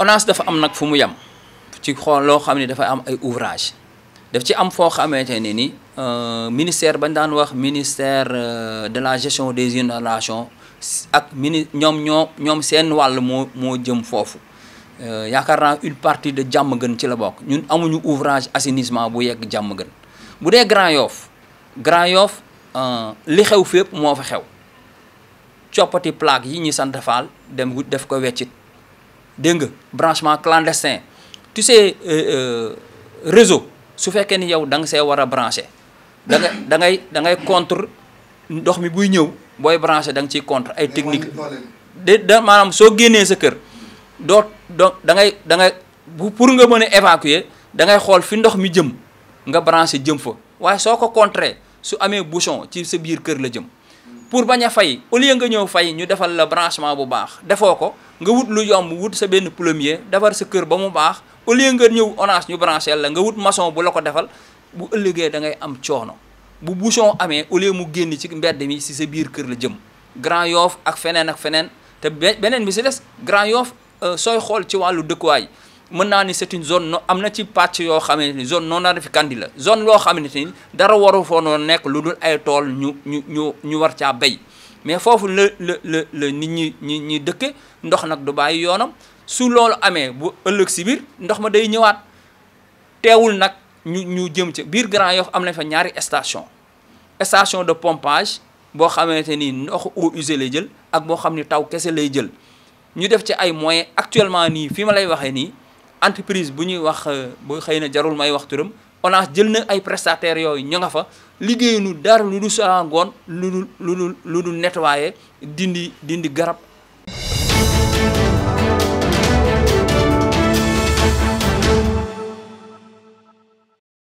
ONAS dafa am nag fu mu yem ci xool loo xam ne dafa am ay ouvrage daf ci am foo xamante ne ni euh, ministère bañ daan wax ministère euh, de la gestion des inondations ak mini ñoom ñoo ñoom seen wàll moo moo jëm foofu euh, yaakaar naa une partie de jàmm gën ci la bokk ñun amuñu ouvrage assainissement bu yegg jàmm gën bu dee Grand yoof Grand yoof li xew fépp moo fa xew coppati plaque yi ñu sant faal dem def ko weccit dégg nga branchement clandestin tu sais euh, euh, réseau su fekkee ni yow da nga see war a branché da ngay da ngay contre ndox mi buy ñëw booy branché da nga ciy contre ay technique de da maanaam soo génnee sa kër doo doo da ngay da ngay bu pour nga mën a évacuer da ngay xool fi ndox mi jëm nga branché jëm fa waaye soo ko contrer su amee bouchon ci sa biir kër la jëm pour bañ a fay au lieu nga ñëw fay ñu defal la branchement bu baax defoo ko nga wut lu yomb wut sa benn plombier defar sa kër ba mu baax au lieu nga ñëw orange ñu branché la nga wut mason bu la ko defal bu ëllëgee dangay am coono bu bouchon amee au lieu mu génn ci mbedd mi si sa biir kër la jëm Grand Yoff ak feneen ak feneen te be beneen bi si des Grand Yoff euh, sooy xool ci wàllu dëkkuwaay mën naa ni c'est une zone no am na ci pàcc yoo xamante ni zone non aedificandi la zone loo xamante ni dara waru foo noonu nekk lu dul ay tool ñu ñu ñu ñu war caa béy mais foofu la la la nit ñi ñi ñi dëkke ndox nag du bàyyi yoonam su loolu amee bu ëllëg si biir ndox ma day ñëwaat teewul nag ñu ñu jëm ci biir Grand Yoff am nañ fa ñaari station station de pompage boo xamante ni ndox eau usée lay jël ak boo xam ni taw kese lay jël ñu def ci ay moyens actuellement nii fi ma lay waxee nii entreprise bu ñuy wax euh, bu xëy na jarul may wax turam ONAS jël na ay prestataires yooyu ñu nga fa liggéeyuñu dara lu dul saa ngoon lu dul lu dul lu dul nettoyer dindi dindi garab